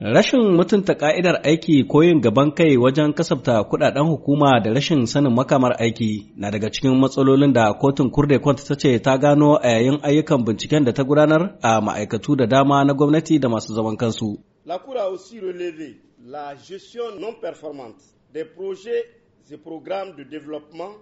Rashin mutunta ƙa'idar aiki ko yin gaban kai wajen kasafta kudaden hukuma da rashin sanin makamar aiki na daga cikin matsalolin da kotun kurde kwanta ta ce ta gano a yayin ayyukan binciken da ta gudanar a ma'aikatu da dama na gwamnati da masu zaman kansu. La Cour aussi relevé la gestion non performante des projets et programmes de développement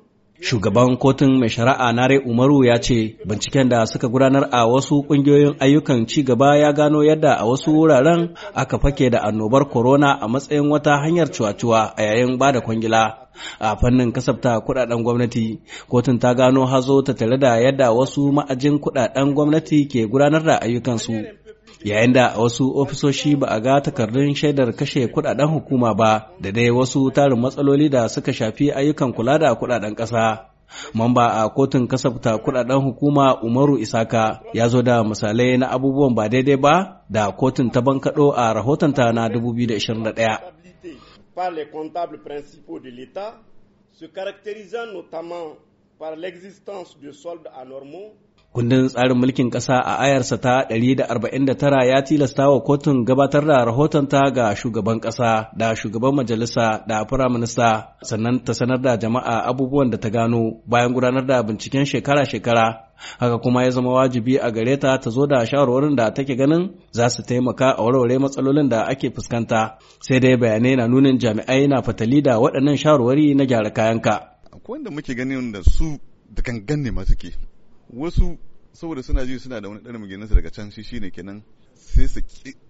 Shugaban kotun mai shari'a Nare Umaru ya ce binciken da suka gudanar a wasu ƙungiyoyin ayyukan ci gaba ya gano yadda a wasu wuraren aka fake da annobar corona a matsayin wata hanyar cuwa-cuwa a yayin ba da kwangila. A fannin kasafta kudaden gwamnati, kotun ta gano hazo ta tare da yadda wasu ma'ajin kudaden gwamnati ke gudanar da ayyukansu. yayin da wasu ofisoshi ba a ga takardun shaidar kashe kudaden hukuma ba da dai wasu tarin matsaloli da suka shafi ayyukan kula da kudaden kasa Mamba a kotun kasafta kudaden hukuma Umaru Isaka ya zo da misalai na abubuwan ba daidai ba da kotun ta bankaɗo a rahotonta na 2021. par les de l'État, se caractérisant notamment par l'existence de soldes anormaux Kundin tsarin mulkin ƙasa a ayarsa ta 149 ya tilasta wa kotun gabatar da rahotonta ga shugaban ƙasa da shugaban majalisa da firaminista sannan ta sanar da jama'a abubuwan da ta gano bayan gudanar da binciken shekara-shekara. Haka kuma ya zama wajibi a gare ta ta zo da shawarwarin da take ganin za su taimaka a warware matsalolin da ake fuskanta. Sai dai bayanai na nunin jami'ai na fatali da waɗannan shawarwari na gyara kayanka. Akwai wanda muke ganin da su da ma wasu saboda suna ji suna da wani ɗan magininsa daga can shi shine kenan sai su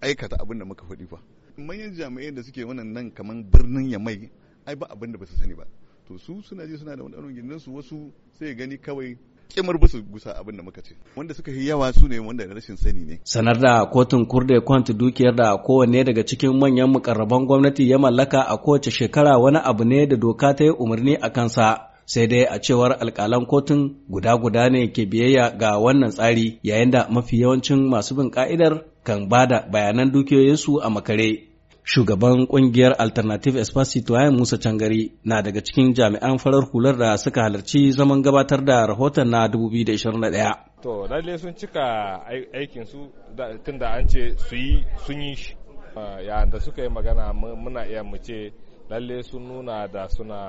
aikata abin da muka faɗi fa manyan jami'ai da suke wannan nan kamar birnin ya mai ai ba abin da ba su sani ba to su suna ji suna da wani ɗan magininsu wasu sai gani kawai kimar ba su gusa abin da muka ce wanda suka yi yawa su ne wanda rashin sani ne sanar da kotun kurde kwanta dukiyar da kowanne daga cikin manyan mukarraban gwamnati ya mallaka a kowace shekara wani abu ne da doka ta yi umarni a kansa sai dai a cewar alkalan kotun guda-guda ne ke biyayya ga wannan tsari yayin da mafi yawancin masu bin ka'idar kan ba da bayanan dukiyoyinsu a makare. Shugaban kungiyar Alternative Espacito Musa Cangari na daga cikin jami'an farar hular da suka halarci zaman gabatar da rahoton na 2021. To, lalle sun cika aikinsu tun da an ce su yi sun yi shi. da suka yi magana muna iya mu ce lalle sun nuna da suna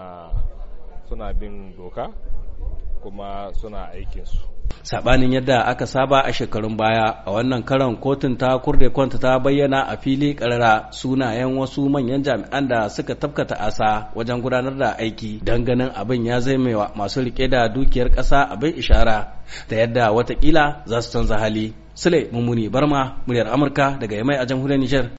suna bin doka kuma suna aikinsu sabanin yadda aka saba a shekarun baya a wannan karan kotun ta kurde kwanta ta bayyana a fili karara sunayen wasu manyan jami'an da suka tafkata asa wajen gudanar da aiki don ganin abin ya zaimewa masu rike da dukiyar ƙasa abin ishara ta yadda watakila za su canza hali sule mummuni barma muryar amurka daga yamai a jamhuriyar nijar